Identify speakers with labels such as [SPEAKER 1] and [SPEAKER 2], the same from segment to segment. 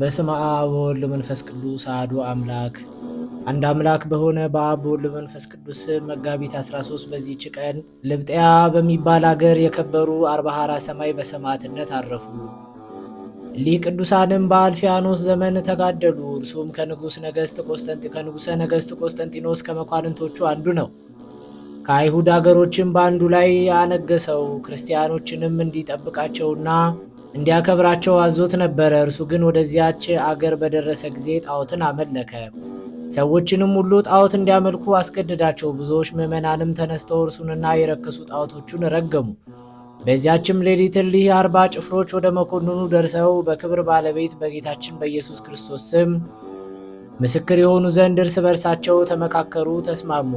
[SPEAKER 1] በስመ አብ ወወልድ ወመንፈስ ቅዱስ አሐዱ አምላክ አንድ አምላክ በሆነ በአብ ወወልድ ወመንፈስ ቅዱስ መጋቢት 13 በዚህች ቀን ልብጥያ በሚባል አገር የከበሩ አርባሃራ ሰማይ በሰማዕትነት አረፉ። ሊህ ቅዱሳንም በአልፊያኖስ ዘመን ተጋደሉ። እርሱም ከንጉሥ ነገሥት ከንጉሠ ነገሥት ቆስጠንጢኖስ ከመኳንንቶቹ አንዱ ነው። ከአይሁድ አገሮችም በአንዱ ላይ አነገሰው። ክርስቲያኖችንም እንዲጠብቃቸውና እንዲያከብራቸው አዞት ነበረ። እርሱ ግን ወደዚያች አገር በደረሰ ጊዜ ጣዖትን አመለከ። ሰዎችንም ሁሉ ጣዖት እንዲያመልኩ አስገደዳቸው። ብዙዎች ምዕመናንም ተነስተው እርሱንና የረከሱ ጣዖቶቹን ረገሙ። በዚያችም ሌሊት እሊህ አርባ ጭፍሮች ወደ መኮንኑ ደርሰው በክብር ባለቤት በጌታችን በኢየሱስ ክርስቶስ ስም ምስክር የሆኑ ዘንድ እርስ በርሳቸው ተመካከሩ፣ ተስማሙ።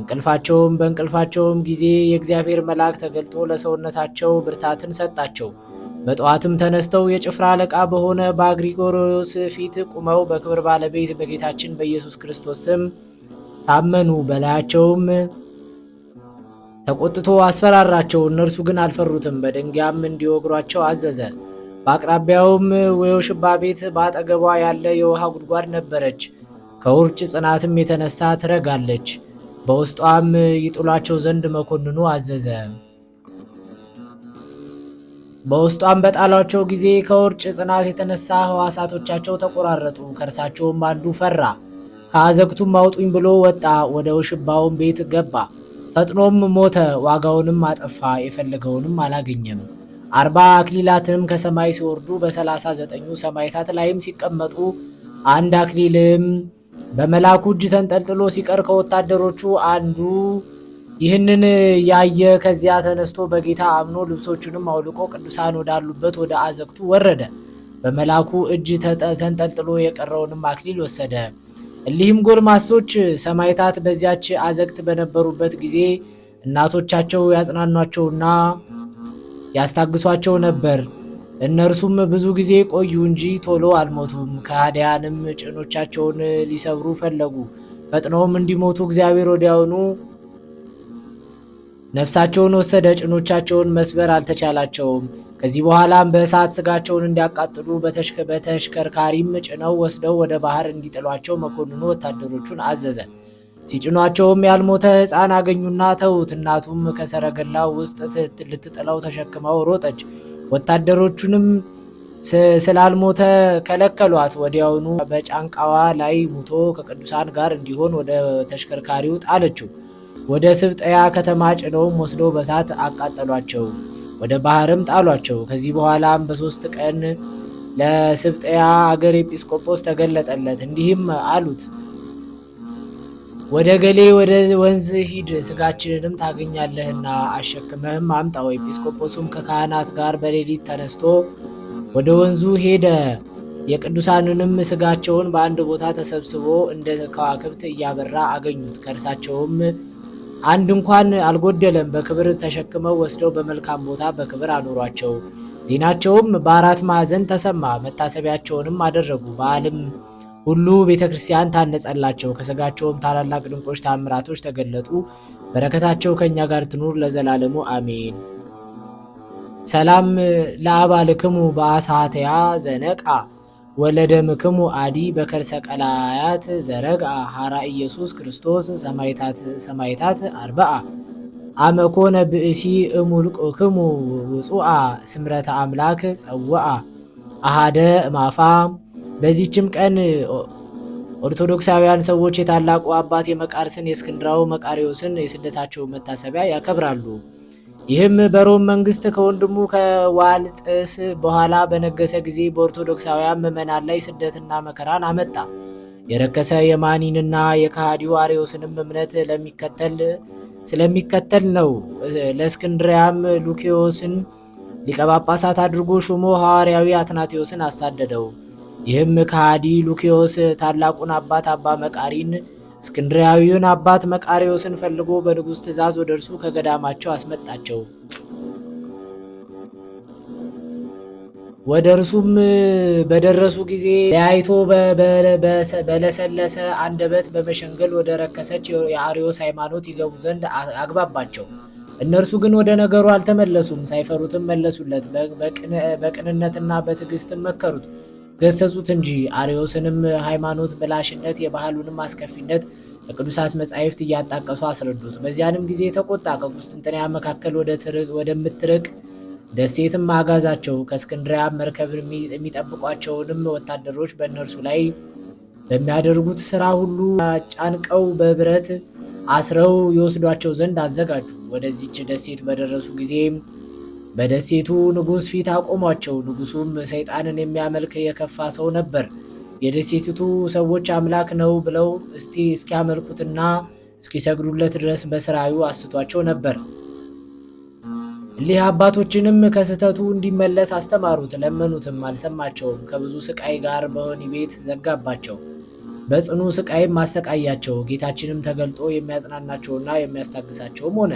[SPEAKER 1] እንቅልፋቸውም በእንቅልፋቸውም ጊዜ የእግዚአብሔር መልአክ ተገልጦ ለሰውነታቸው ብርታትን ሰጣቸው። በጠዋትም ተነስተው የጭፍራ አለቃ በሆነ በአግሪጎሮስ ፊት ቁመው በክብር ባለቤት በጌታችን በኢየሱስ ክርስቶስ ስም ታመኑ። በላያቸውም ተቆጥቶ አስፈራራቸው። እነርሱ ግን አልፈሩትም። በድንጋያም እንዲወግሯቸው አዘዘ። በአቅራቢያውም የውሽባ ቤት በአጠገቧ ያለ የውሃ ጉድጓድ ነበረች። ከውርጭ ጽናትም የተነሳ ትረጋለች። በውስጧም ይጥሏቸው ዘንድ መኮንኑ አዘዘ። በውስጧም በጣሏቸው ጊዜ ከውርጭ ጽናት የተነሳ ህዋሳቶቻቸው ተቆራረጡ። ከእርሳቸውም አንዱ ፈራ፣ ከአዘግቱም አውጡኝ ብሎ ወጣ። ወደ ውሽባውን ቤት ገባ፣ ፈጥኖም ሞተ። ዋጋውንም አጠፋ፣ የፈለገውንም አላገኘም። አርባ አክሊላትንም ከሰማይ ሲወርዱ በሰላሳ ዘጠኙ ሰማይታት ላይም ሲቀመጡ አንድ አክሊልም በመላኩ እጅ ተንጠልጥሎ ሲቀር ከወታደሮቹ አንዱ ይህንን ያየ ከዚያ ተነስቶ በጌታ አምኖ ልብሶቹንም አውልቆ ቅዱሳን ወዳሉበት ወደ አዘግቱ ወረደ። በመላኩ እጅ ተንጠልጥሎ የቀረውንም አክሊል ወሰደ። እሊህም ጎልማሶች ሰማይታት በዚያች አዘግት በነበሩበት ጊዜ እናቶቻቸው ያጽናኗቸውና ያስታግሷቸው ነበር። እነርሱም ብዙ ጊዜ ቆዩ እንጂ ቶሎ አልሞቱም። ከሃዲያንም ጭኖቻቸውን ሊሰብሩ ፈለጉ። ፈጥነውም እንዲሞቱ እግዚአብሔር ወዲያውኑ ነፍሳቸውን ወሰደ፣ ጭኖቻቸውን መስበር አልተቻላቸውም። ከዚህ በኋላም በእሳት ስጋቸውን እንዲያቃጥሉ በተሽከርካሪም ጭነው ወስደው ወደ ባህር እንዲጥሏቸው መኮንኑ ወታደሮቹን አዘዘ። ሲጭኗቸውም ያልሞተ ሕፃን አገኙና ተዉት። እናቱም ከሰረገላው ውስጥ ልትጥለው ተሸክመው ሮጠች። ወታደሮቹንም ስላልሞተ ከለከሏት። ወዲያውኑ በጫንቃዋ ላይ ሙቶ ከቅዱሳን ጋር እንዲሆን ወደ ተሽከርካሪው ጣለችው። ወደ ስብጠያ ከተማ ጭነውም ወስደው በሳት አቃጠሏቸው፣ ወደ ባህርም ጣሏቸው። ከዚህ በኋላም በሶስት ቀን ለስብጠያ አገር ኤጲስቆጶስ ተገለጠለት፣ እንዲህም አሉት ወደ ገሌ ወደ ወንዝ ሂድ፣ ስጋችንንም ታገኛለህና አሸክመህም አምጣው። ኤጲስቆጶሱም ከካህናት ጋር በሌሊት ተነስቶ ወደ ወንዙ ሄደ። የቅዱሳንንም ስጋቸውን በአንድ ቦታ ተሰብስቦ እንደ ከዋክብት እያበራ አገኙት። ከእርሳቸውም አንድ እንኳን አልጎደለም። በክብር ተሸክመው ወስደው በመልካም ቦታ በክብር አኖሯቸው። ዜናቸውም በአራት ማዕዘን ተሰማ። መታሰቢያቸውንም አደረጉ። በዓለም ሁሉ ቤተ ክርስቲያን ታነጸላቸው። ከስጋቸውም ታላላቅ ድንቆች ታምራቶች ተገለጡ። በረከታቸው ከእኛ ጋር ትኑር ለዘላለሙ አሜን። ሰላም ለአባልክሙ በአሳትያ ዘነቃ ወለደ ምክሙ አዲ በከርሰ ቀላያት ዘረግ ሀራ ኢየሱስ ክርስቶስ ሰማይታት አርብአ አመኮነ ብእሲ ክሙ ውፁአ ስምረተ አምላክ ጸውአ አሃደ ማፋ። በዚችም ቀን ኦርቶዶክሳውያን ሰዎች የታላቁ አባት የመቃርስን የእስክንድራው መቃሪዎስን የስደታቸው መታሰቢያ ያከብራሉ። ይህም በሮም መንግስት ከወንድሙ ከዋልጥስ በኋላ በነገሰ ጊዜ በኦርቶዶክሳውያን ምዕመናን ላይ ስደትና መከራን አመጣ። የረከሰ የማኒንና የካሃዲው አሬዎስንም እምነት ስለሚከተል ነው። ለእስክንድሪያም ሉኪዮስን ሊቀጳጳሳት አድርጎ ሹሞ ሐዋርያዊ አትናቴዎስን አሳደደው። ይህም ከሃዲ ሉኪዮስ ታላቁን አባት አባ መቃሪን እስክንድርያዊውን አባት መቃሪዎስን ፈልጎ በንጉሥ ትእዛዝ ወደ እርሱ ከገዳማቸው አስመጣቸው። ወደ እርሱም በደረሱ ጊዜ ለያይቶ በለሰለሰ አንደበት በመሸንገል ወደ ረከሰች የአሪዮስ ሃይማኖት ይገቡ ዘንድ አግባባቸው። እነርሱ ግን ወደ ነገሩ አልተመለሱም፣ ሳይፈሩትም መለሱለት። በቅንነትና በትዕግስትም መከሩት። ገሰጹት እንጂ አርዮስንም ሃይማኖት በላሽነት የባህሉንም አስከፊነት በቅዱሳት መጻሕፍት እያጣቀሱ አስረዱት። በዚያንም ጊዜ ተቆጣ። ከቁስጥንጥንያ መካከል ወደምትርቅ ደሴትም አጋዛቸው። ከእስክንድሪያ መርከብ የሚጠብቋቸውንም ወታደሮች በእነርሱ ላይ በሚያደርጉት ስራ ሁሉ ጫንቀው በብረት አስረው የወስዷቸው ዘንድ አዘጋጁ። ወደዚች ደሴት በደረሱ ጊዜ በደሴቱ ንጉሥ ፊት አቆሟቸው። ንጉሡም ሰይጣንን የሚያመልክ የከፋ ሰው ነበር። የደሴቲቱ ሰዎች አምላክ ነው ብለው እስቲ እስኪያመልኩትና እስኪሰግዱለት ድረስ በስራዩ አስቷቸው ነበር። እሊህ አባቶችንም ከስህተቱ እንዲመለስ አስተማሩት። ለመኑትም፣ አልሰማቸውም። ከብዙ ስቃይ ጋር በወህኒ ቤት ዘጋባቸው። በጽኑ ስቃይም ማሰቃያቸው። ጌታችንም ተገልጦ የሚያጽናናቸውና የሚያስታግሳቸውም ሆነ።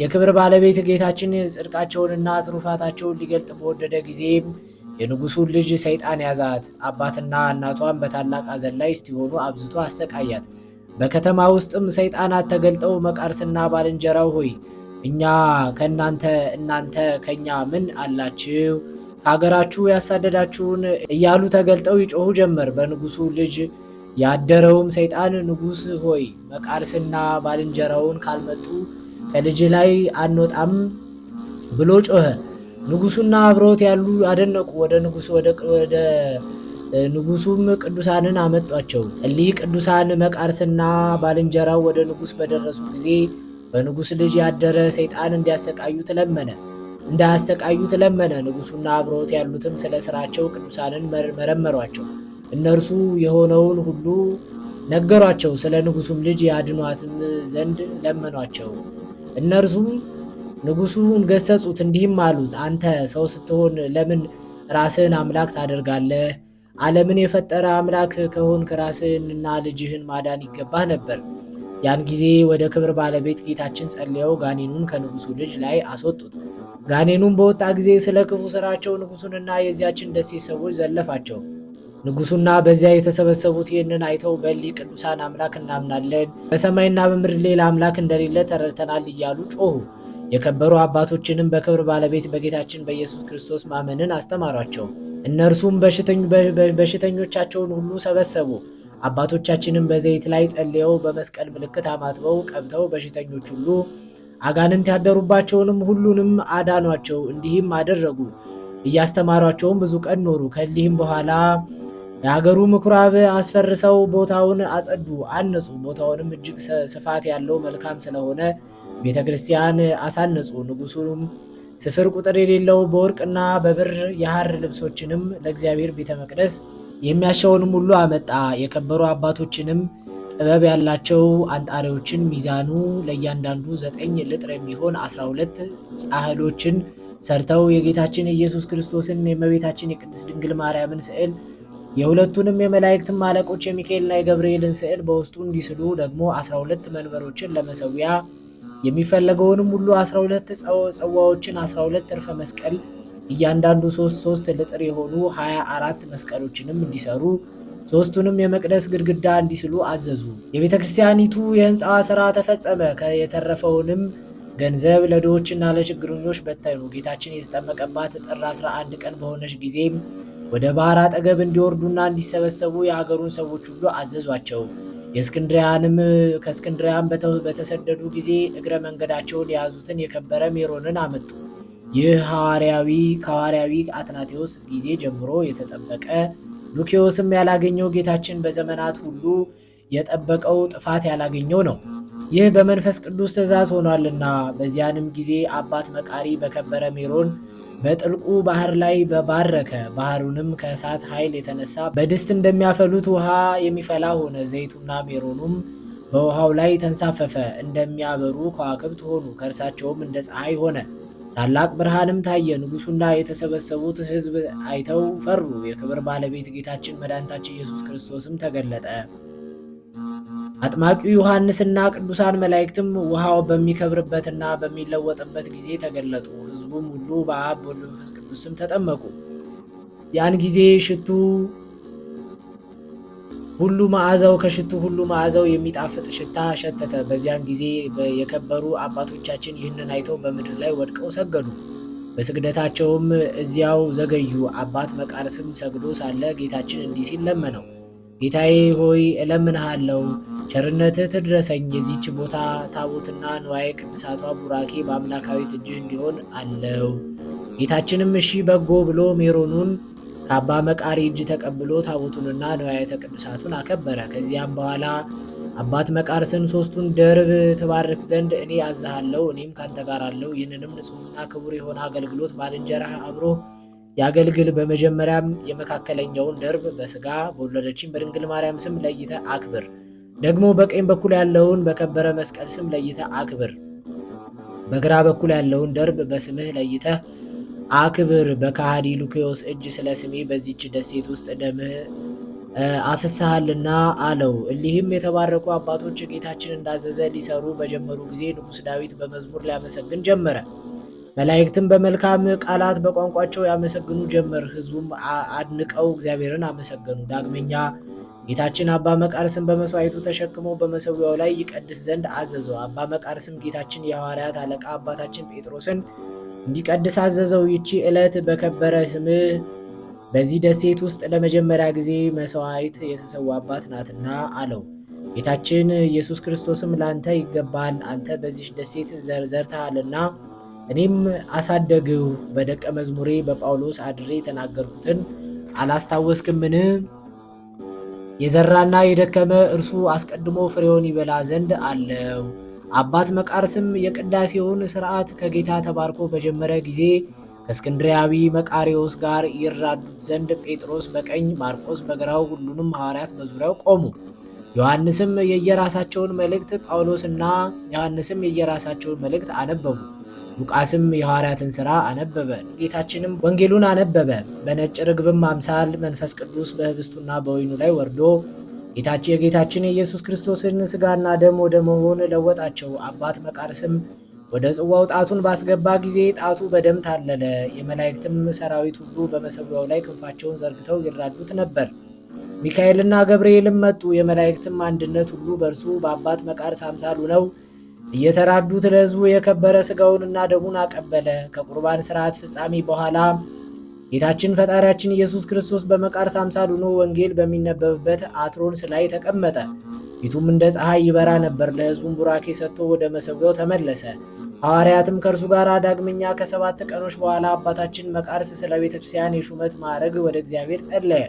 [SPEAKER 1] የክብር ባለቤት ጌታችን ጽድቃቸውንና ትሩፋታቸውን ሊገልጥ በወደደ ጊዜም የንጉሱን ልጅ ሰይጣን ያዛት። አባትና እናቷን በታላቅ አዘን ላይ እስቲሆኑ አብዝቶ አሰቃያት። በከተማ ውስጥም ሰይጣናት ተገልጠው መቃርስና ባልንጀራው ሆይ እኛ ከእናንተ እናንተ ከእኛ ምን አላችሁ? ከሀገራችሁ ያሳደዳችሁን እያሉ ተገልጠው ይጮሁ ጀመር። በንጉሱ ልጅ ያደረውም ሰይጣን ንጉስ ሆይ መቃርስና ባልንጀራውን ካልመጡ ከልጅ ላይ አንወጣም ብሎ ጮኸ። ንጉሱና አብረውት ያሉ አደነቁ። ወደ ንጉሱ ወደ ንጉሱም ቅዱሳንን አመጧቸው። እሊህ ቅዱሳን መቃርስና ባልንጀራው ወደ ንጉስ በደረሱ ጊዜ በንጉስ ልጅ ያደረ ሰይጣን እንዲያሰቃዩ ለመነ እንዳያሰቃዩ ለመነ። ንጉሱና አብረውት ያሉትም ስለ ስራቸው ቅዱሳንን መረመሯቸው። እነርሱ የሆነውን ሁሉ ነገሯቸው። ስለ ንጉሱም ልጅ ያድኗትም ዘንድ ለመኗቸው። እነርሱም ንጉሱን ገሰጹት፣ እንዲህም አሉት፦ አንተ ሰው ስትሆን ለምን ራስህን አምላክ ታደርጋለህ? ዓለምን የፈጠረ አምላክ ከሆንክ ራስህንና ልጅህን ማዳን ይገባህ ነበር። ያን ጊዜ ወደ ክብር ባለቤት ጌታችን ጸልየው ጋኔኑን ከንጉሱ ልጅ ላይ አስወጡት። ጋኔኑን በወጣ ጊዜ ስለ ክፉ ስራቸው ንጉሱንና የዚያችን ደሴት ሰዎች ዘለፋቸው። ንጉሱና በዚያ የተሰበሰቡት ይህንን አይተው በሊ ቅዱሳን አምላክ እናምናለን፣ በሰማይና በምድር ሌላ አምላክ እንደሌለ ተረድተናል እያሉ ጮሁ። የከበሩ አባቶችንም በክብር ባለቤት በጌታችን በኢየሱስ ክርስቶስ ማመንን አስተማሯቸው። እነርሱም በሽተኞቻቸውን ሁሉ ሰበሰቡ። አባቶቻችንም በዘይት ላይ ጸልየው በመስቀል ምልክት አማትበው ቀብተው በሽተኞች ሁሉ አጋንንት ያደሩባቸውንም ሁሉንም አዳኗቸው። እንዲህም አደረጉ። እያስተማሯቸውም ብዙ ቀን ኖሩ። ከሊህም በኋላ የሀገሩ ምኩራብ አስፈርሰው ቦታውን አጸዱ፣ አነጹ። ቦታውንም እጅግ ስፋት ያለው መልካም ስለሆነ ቤተ ክርስቲያን አሳነጹ። ንጉሱም ስፍር ቁጥር የሌለው በወርቅና በብር የሐር ልብሶችንም ለእግዚአብሔር ቤተ መቅደስ የሚያሻውንም ሁሉ አመጣ። የከበሩ አባቶችንም ጥበብ ያላቸው አንጣሪዎችን ሚዛኑ ለእያንዳንዱ ዘጠኝ ልጥር የሚሆን አስራ ሁለት ጻሕሎችን ሰርተው የጌታችን ኢየሱስ ክርስቶስን የእመቤታችን የቅድስት ድንግል ማርያምን ስዕል የሁለቱንም የመላእክትን አለቆች የሚካኤልና የገብርኤልን ስዕል በውስጡ እንዲስሉ ደግሞ 12 መንበሮችን ለመሰዊያ የሚፈለገውንም ሁሉ 12 ጽዋዎችን 12 እርፈ መስቀል እያንዳንዱ ሶስት ሶስት ልጥር የሆኑ 24 መስቀሎችንም እንዲሰሩ ሶስቱንም የመቅደስ ግድግዳ እንዲስሉ አዘዙ። የቤተ ክርስቲያኒቱ የህንፃ ስራ ተፈጸመ። የተረፈውንም ገንዘብ ለድሆችና ለችግረኞች ነው ጌታችን የተጠመቀባት ጥር 11 ቀን በሆነች ጊዜ ወደ ባህር አጠገብ እንዲወርዱና እንዲሰበሰቡ የአገሩን ሰዎች ሁሉ አዘዟቸው። የእስክንድሪያንም ከእስክንድሪያን በተሰደዱ ጊዜ እግረ መንገዳቸውን የያዙትን የከበረ ሜሮንን አመጡ። ይህ ሐዋርያዊ ከሐዋርያዊ አትናቴዎስ ጊዜ ጀምሮ የተጠበቀ ሉኪዮስም ያላገኘው ጌታችን በዘመናት ሁሉ የጠበቀው ጥፋት ያላገኘው ነው። ይህ በመንፈስ ቅዱስ ትእዛዝ ሆኗልና። በዚያንም ጊዜ አባት መቃሪ በከበረ ሜሮን በጥልቁ ባህር ላይ በባረከ። ባህሩንም ከእሳት ኃይል የተነሳ በድስት እንደሚያፈሉት ውሃ የሚፈላ ሆነ። ዘይቱና ሜሮኑም በውሃው ላይ ተንሳፈፈ፣ እንደሚያበሩ ከዋክብት ሆኑ። ከእርሳቸውም እንደ ፀሐይ ሆነ። ታላቅ ብርሃንም ታየ። ንጉሱና የተሰበሰቡት ሕዝብ አይተው ፈሩ። የክብር ባለቤት ጌታችን መድኃኒታችን ኢየሱስ ክርስቶስም ተገለጠ። አጥማቂው ዮሐንስና ቅዱሳን መላእክትም ውሃው በሚከብርበትና በሚለወጥበት ጊዜ ተገለጡ። ሕዝቡም ሁሉ በአብ ወልድ መንፈስ ቅዱስ ስም ተጠመቁ። ያን ጊዜ ሽቱ ሁሉ መዓዛው ከሽቱ ሁሉ መዓዛው የሚጣፍጥ ሽታ ሸተተ። በዚያን ጊዜ የከበሩ አባቶቻችን ይህንን አይተው በምድር ላይ ወድቀው ሰገዱ። በስግደታቸውም እዚያው ዘገዩ። አባት መቃርስም ሰግዶ ሳለ ጌታችን እንዲህ ሲል ለመነው ጌታዬ ሆይ እለምንሃለው፣ ቸርነትህ ትድረሰኝ። የዚች ቦታ ታቦትና ንዋየ ቅድሳቷ ቡራኬ በአምላካዊት እጅህ እንዲሆን አለው። ጌታችንም እሺ በጎ ብሎ ሜሮኑን ከአባ መቃሪ እጅ ተቀብሎ ታቦቱንና ንዋያተ ቅድሳቱን አከበረ። ከዚያም በኋላ አባት መቃርስን ሶስቱን ደርብ ትባርክ ዘንድ እኔ አዝሃለሁ፣ እኔም ካንተ ጋር አለው። ይህንንም ንጹሕና ክቡር የሆነ አገልግሎት ባልንጀራህ አብሮ ያገልግል። በመጀመሪያም የመካከለኛውን ደርብ በስጋ በወለደችን በድንግል ማርያም ስም ለይተ አክብር። ደግሞ በቀኝ በኩል ያለውን በከበረ መስቀል ስም ለይተ አክብር። በግራ በኩል ያለውን ደርብ በስምህ ለይተ አክብር። በካሃዲ ሉኪዮስ እጅ ስለ ስሜ በዚች ደሴት ውስጥ ደምህ አፍስሃልና አለው። እሊህም የተባረኩ አባቶች ጌታችን እንዳዘዘ ሊሰሩ በጀመሩ ጊዜ ንጉሥ ዳዊት በመዝሙር ሊያመሰግን ጀመረ። መላእክትም በመልካም ቃላት በቋንቋቸው ያመሰግኑ ጀመር። ሕዝቡም አድንቀው እግዚአብሔርን አመሰገኑ። ዳግመኛ ጌታችን አባ መቃርስም በመስዋዕቱ ተሸክሞ በመሰዊያው ላይ ይቀድስ ዘንድ አዘዘው። አባ መቃርስም ጌታችን የሐዋርያት አለቃ አባታችን ጴጥሮስን እንዲቀድስ አዘዘው። ይቺ ዕለት በከበረ ስምህ በዚህ ደሴት ውስጥ ለመጀመሪያ ጊዜ መስዋዕት የተሰዋባት ናትና አለው። ጌታችን ኢየሱስ ክርስቶስም ላንተ ይገባል፣ አንተ በዚህ ደሴት ዘርዘርተሃልና እኔም አሳደግሁ በደቀ መዝሙሬ በጳውሎስ አድሬ የተናገርኩትን አላስታወስክምን? የዘራና የደከመ እርሱ አስቀድሞ ፍሬውን ይበላ ዘንድ አለው። አባት መቃርስም የቅዳሴውን ስርዓት ከጌታ ተባርኮ በጀመረ ጊዜ ከእስክንድሪያዊ መቃሪዎስ ጋር ይራዱት ዘንድ ጴጥሮስ በቀኝ ማርቆስ በግራው ሁሉንም ሐዋርያት በዙሪያው ቆሙ። ዮሐንስም የየራሳቸውን መልእክት ጳውሎስና ዮሐንስም የየራሳቸውን መልእክት አነበቡ። ሉቃስም የሐዋርያትን ሥራ አነበበ። ጌታችንም ወንጌሉን አነበበ። በነጭ ርግብም አምሳል መንፈስ ቅዱስ በህብስቱና በወይኑ ላይ ወርዶ ጌታችን የጌታችን የኢየሱስ ክርስቶስን ሥጋና ደም ወደ መሆን ለወጣቸው። አባት መቃርስም ወደ ጽዋው ጣቱን ባስገባ ጊዜ ጣቱ በደም ታለለ። የመላእክትም ሰራዊት ሁሉ በመሰዊያው ላይ ክንፋቸውን ዘርግተው ይራዱት ነበር። ሚካኤልና ገብርኤልም መጡ። የመላእክትም አንድነት ሁሉ በእርሱ በአባት መቃርስ አምሳሉ ነው። እየተራዱት ለሕዝቡ የከበረ ሥጋውንና ደሙን አቀበለ። ከቁርባን ሥርዓት ፍጻሜ በኋላ ጌታችን ፈጣሪያችን ኢየሱስ ክርስቶስ በመቃርስ አምሳል ሆኖ ወንጌል በሚነበብበት አትሮንስ ላይ ተቀመጠ። ፊቱም እንደ ፀሐይ ይበራ ነበር። ለሕዝቡም ቡራኬ ሰጥቶ ወደ መሰዊያው ተመለሰ። ሐዋርያትም ከእርሱ ጋር ዳግመኛ ከሰባት ቀኖች በኋላ አባታችን መቃርስ ስለ ቤተ ክርስቲያን የሹመት ማዕረግ ወደ እግዚአብሔር ጸለየ።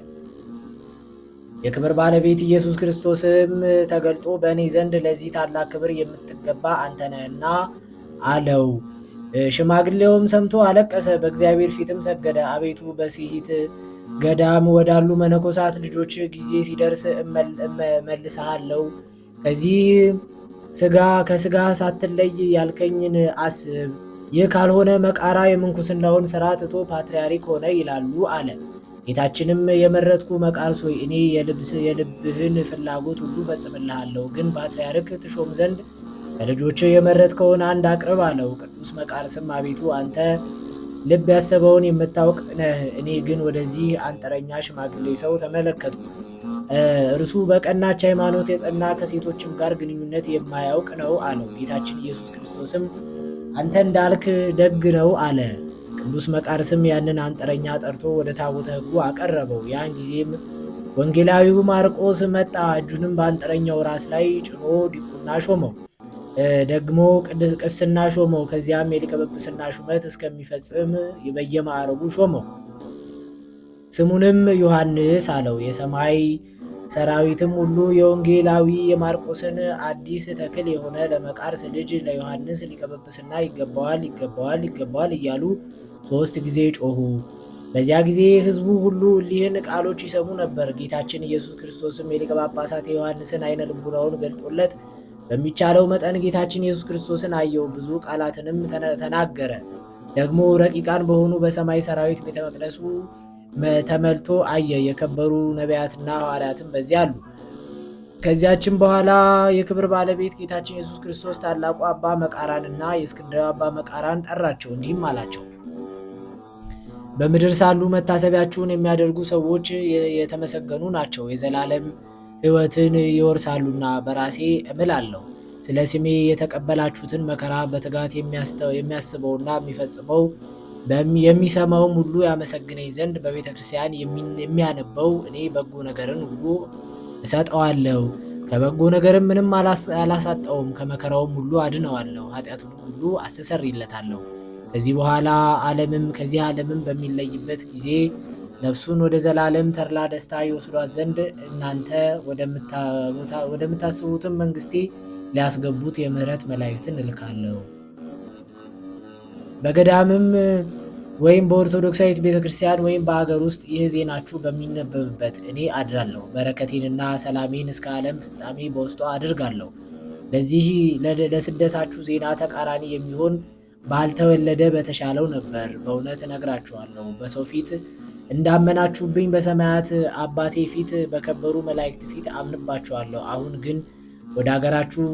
[SPEAKER 1] የክብር ባለቤት ኢየሱስ ክርስቶስም ተገልጦ በእኔ ዘንድ ለዚህ ታላቅ ክብር የምትገባ አንተ ነህና አለው። ሽማግሌውም ሰምቶ አለቀሰ፣ በእግዚአብሔር ፊትም ሰገደ። አቤቱ በስሂት ገዳም ወዳሉ መነኮሳት ልጆች ጊዜ ሲደርስ እመልስሃለሁ። ከዚህ ስጋ ከስጋ ሳትለይ ያልከኝን አስብ። ይህ ካልሆነ መቃራ የምንኩስናውን ስራ ትቶ ፓትርያርክ ሆነ ይላሉ አለ። ጌታችንም የመረጥኩ መቃርስ ሆይ እኔ የልብህን ፍላጎት ሁሉ ፈጽምልሃለሁ፣ ግን ፓትርያርክ ትሾም ዘንድ ከልጆች የመረጥከውን አንድ አቅርብ አለው። ቅዱስ መቃርስም አቤቱ አንተ ልብ ያሰበውን የምታውቅ ነህ። እኔ ግን ወደዚህ አንጥረኛ ሽማግሌ ሰው ተመለከቱ። እርሱ በቀናች ሃይማኖት የጸና ከሴቶችም ጋር ግንኙነት የማያውቅ ነው አለው። ጌታችን ኢየሱስ ክርስቶስም አንተ እንዳልክ ደግ ነው አለ። ቅዱስ መቃርስም ያንን አንጥረኛ ጠርቶ ወደ ታቦተ ሕጉ አቀረበው። ያን ጊዜም ወንጌላዊው ማርቆስ መጣ። እጁንም በአንጥረኛው ራስ ላይ ጭኖ ዲቁና ሾመው፣ ደግሞ ቅስና ሾመው። ከዚያም የሊቀ ጵጵስና ሹመት እስከሚፈጽም በየማዕረጉ ሾመው። ስሙንም ዮሐንስ አለው። የሰማይ ሰራዊትም ሁሉ የወንጌላዊ የማርቆስን አዲስ ተክል የሆነ ለመቃርስ ልጅ ለዮሐንስ ሊቀ ጵጵስና ይገባዋል፣ ይገባዋል፣ ይገባዋል እያሉ ሶስት ጊዜ ጮሁ በዚያ ጊዜ ሕዝቡ ሁሉ ሊህን ቃሎች ይሰሙ ነበር። ጌታችን ኢየሱስ ክርስቶስም የሊቀ ጳጳሳት የዮሐንስን አይነ ልቡናውን ገልጦለት በሚቻለው መጠን ጌታችን ኢየሱስ ክርስቶስን አየው። ብዙ ቃላትንም ተናገረ። ደግሞ ረቂቃን በሆኑ በሰማይ ሰራዊት ቤተ መቅደሱ ተመልቶ አየ። የከበሩ ነቢያትና ሐዋርያትም በዚያ አሉ። ከዚያችን በኋላ የክብር ባለቤት ጌታችን ኢየሱስ ክርስቶስ ታላቁ አባ መቃራንና የእስክንድርያው አባ መቃራን ጠራቸው፣ እንዲህም አላቸው በምድር ሳሉ መታሰቢያችሁን የሚያደርጉ ሰዎች የተመሰገኑ ናቸው፣ የዘላለም ሕይወትን ይወርሳሉና። በራሴ እምላለሁ ስለ ስሜ የተቀበላችሁትን መከራ በትጋት የሚያስበውና የሚፈጽመው የሚሰማውም ሁሉ ያመሰግነኝ ዘንድ በቤተ ክርስቲያን የሚያነበው እኔ በጎ ነገርን ሁሉ እሰጠዋለሁ። ከበጎ ነገርም ምንም አላሳጠውም ከመከራውም ሁሉ አድነዋለሁ፣ ኃጢአቱን ሁሉ አስተሰርይለታለሁ። ከዚህ በኋላ ዓለምም ከዚህ ዓለምም በሚለይበት ጊዜ ነፍሱን ወደ ዘላለም ተድላ ደስታ ይወስዷት ዘንድ እናንተ ወደምታስቡትም መንግስቴ ሊያስገቡት የምህረት መላእክትን እልካለሁ። በገዳምም ወይም በኦርቶዶክሳዊት ቤተ ክርስቲያን ወይም በአገር ውስጥ ይህ ዜናችሁ በሚነበብበት እኔ አድራለሁ። በረከቴንና ሰላሜን እስከ ዓለም ፍጻሜ በውስጧ አድርጋለሁ። ለዚህ ለስደታችሁ ዜና ተቃራኒ የሚሆን ባልተወለደ በተሻለው ነበር። በእውነት እነግራችኋለሁ በሰው ፊት እንዳመናችሁብኝ በሰማያት አባቴ ፊት በከበሩ መላእክት ፊት አምንባችኋለሁ። አሁን ግን ወደ አገራችሁ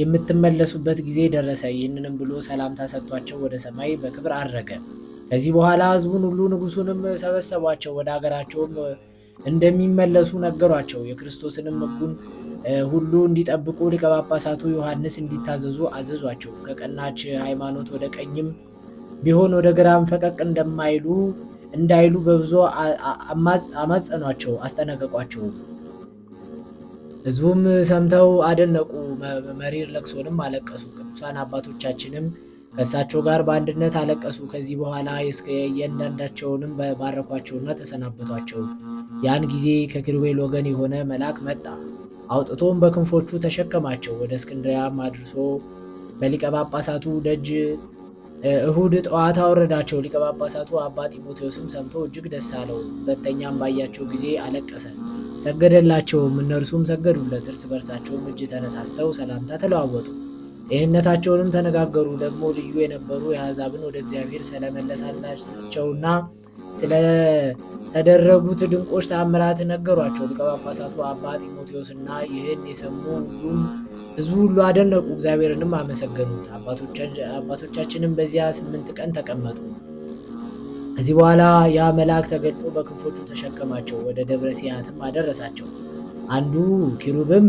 [SPEAKER 1] የምትመለሱበት ጊዜ ደረሰ። ይህንንም ብሎ ሰላምታ ሰጥቷቸው ወደ ሰማይ በክብር አረገ። ከዚህ በኋላ ህዝቡን ሁሉ ንጉሱንም ሰበሰቧቸው። ወደ አገራቸውም እንደሚመለሱ ነገሯቸው። የክርስቶስንም ሕጉን ሁሉ እንዲጠብቁ ሊቀ ጳጳሳቱ ዮሐንስ እንዲታዘዙ አዘዟቸው። ከቀናች ሃይማኖት ወደ ቀኝም ቢሆን ወደ ግራም ፈቀቅ እንደማይሉ እንዳይሉ በብዙ አማጸኗቸው፣ አስጠነቀቋቸው። ሕዝቡም ሰምተው አደነቁ፣ መሪር ለቅሶንም አለቀሱ። ቅዱሳን አባቶቻችንም ከእሳቸው ጋር በአንድነት አለቀሱ። ከዚህ በኋላ የእያንዳንዳቸውንም ባረኳቸውና ተሰናበቷቸው። ያን ጊዜ ከኪሩቤል ወገን የሆነ መልአክ መጣ። አውጥቶም በክንፎቹ ተሸከማቸው። ወደ እስክንድሪያም አድርሶ በሊቀ ጳጳሳቱ ደጅ እሁድ ጠዋት አወረዳቸው። ሊቀ ጳጳሳቱ አባ ጢሞቴዎስም ሰምቶ እጅግ ደስ አለው። ሁለተኛም ባያቸው ጊዜ አለቀሰ፣ ሰገደላቸውም። እነርሱም ሰገዱለት። እርስ በርሳቸውም እጅ ተነሳስተው ሰላምታ ተለዋወጡ። ጤንነታቸውንም ተነጋገሩ። ደግሞ ልዩ የነበሩ የአሕዛብን ወደ እግዚአብሔር ስለመለሳቸውና ስለተደረጉት ድንቆች ተአምራት ነገሯቸው። ሊቀ ጳጳሳቱ አባ ጢሞቴዎስና ይህን የሰሙ ሁሉም ህዝቡ ሁሉ አደነቁ፣ እግዚአብሔርንም አመሰገኑት። አባቶቻችንም በዚያ ስምንት ቀን ተቀመጡ። ከዚህ በኋላ ያ መልአክ ተገልጦ በክንፎቹ ተሸከማቸው፣ ወደ ደብረ ሲያትም አደረሳቸው። አንዱ ኪሩብም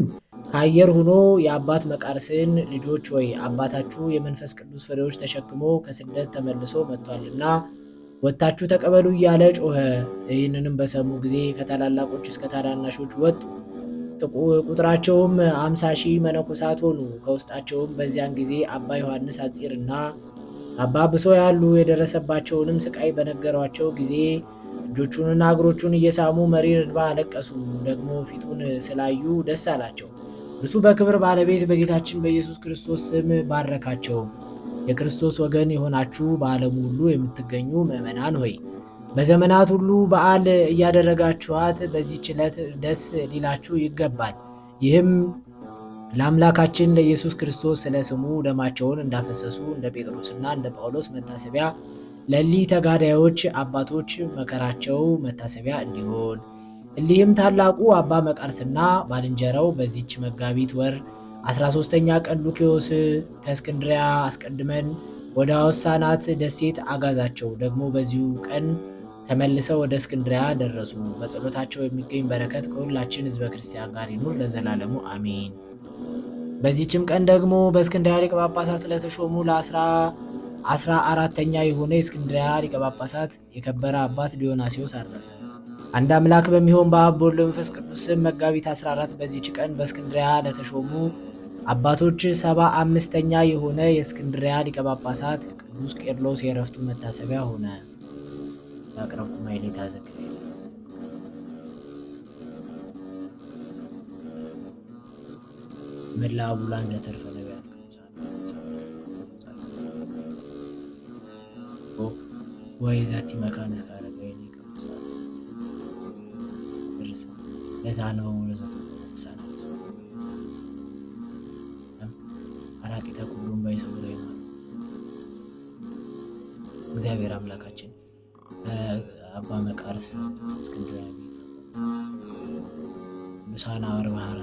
[SPEAKER 1] ከአየር ሆኖ የአባት መቃርስን ልጆች ወይ አባታችሁ የመንፈስ ቅዱስ ፍሬዎች ተሸክሞ ከስደት ተመልሶ መጥቷልና ወጥታችሁ ተቀበሉ እያለ ጮኸ። ይህንንም በሰሙ ጊዜ ከታላላቆች እስከ ታናናሾች ወጡ። ቁጥራቸውም አምሳ ሺህ መነኮሳት ሆኑ። ከውስጣቸውም በዚያን ጊዜ አባ ዮሐንስ አጺርና አባ ብሶ ያሉ የደረሰባቸውንም ስቃይ በነገሯቸው ጊዜ እጆቹንና እግሮቹን እየሳሙ መሪር እንባ አለቀሱ። ደግሞ ፊቱን ስላዩ ደስ አላቸው። እሱ በክብር ባለቤት በጌታችን በኢየሱስ ክርስቶስ ስም ባረካቸው። የክርስቶስ ወገን የሆናችሁ በዓለሙ ሁሉ የምትገኙ ምዕመናን ሆይ በዘመናት ሁሉ በዓል እያደረጋችኋት በዚህች ዕለት ደስ ሊላችሁ ይገባል። ይህም ለአምላካችን ለኢየሱስ ክርስቶስ ስለ ስሙ ደማቸውን እንዳፈሰሱ እንደ ጴጥሮስና እንደ ጳውሎስ መታሰቢያ ለሊ ተጋዳዮች አባቶች መከራቸው መታሰቢያ እንዲሆን እሊህም ታላቁ አባ መቃርስና ባልንጀራው በዚች መጋቢት ወር 13ኛ ቀን ሉኪዮስ ከእስክንድሪያ አስቀድመን ወደ አወሳናት ደሴት አጋዛቸው። ደግሞ በዚሁ ቀን ተመልሰው ወደ እስክንድሪያ ደረሱ። በጸሎታቸው የሚገኝ በረከት ከሁላችን ህዝበ ክርስቲያን ጋር ይኑር ለዘላለሙ አሜን። በዚችም ቀን ደግሞ በእስክንድሪያ ሊቀ ጳጳሳት ለተሾሙ ለአስራ አስራ አራተኛ የሆነ የእስክንድሪያ ሊቀ ጳጳሳት የከበረ አባት ዲዮናሲዎስ አረፈ። አንድ አምላክ በሚሆን በአብ በወልድ በመንፈስ ቅዱስ ስም መጋቢት 14 በዚች ቀን በእስክንድሪያ ለተሾሙ አባቶች ሰባ አምስተኛ የሆነ የእስክንድሪያ ሊቀ ጳጳሳት ቅዱስ ቄርሎስ የእረፍቱ መታሰቢያ ሆነ። ያቅረብኩ ማይሌታ ዘግ መላ ቡላን ዘተርፈ ነቢያት ወይ ዛቲ መካን ለዛ ነው ለዛ አራቂ ሁሉም በይሰው ላይ እግዚአብሔር አምላካችን አባ መቃርስ እስክንድርያ ሳና አርባ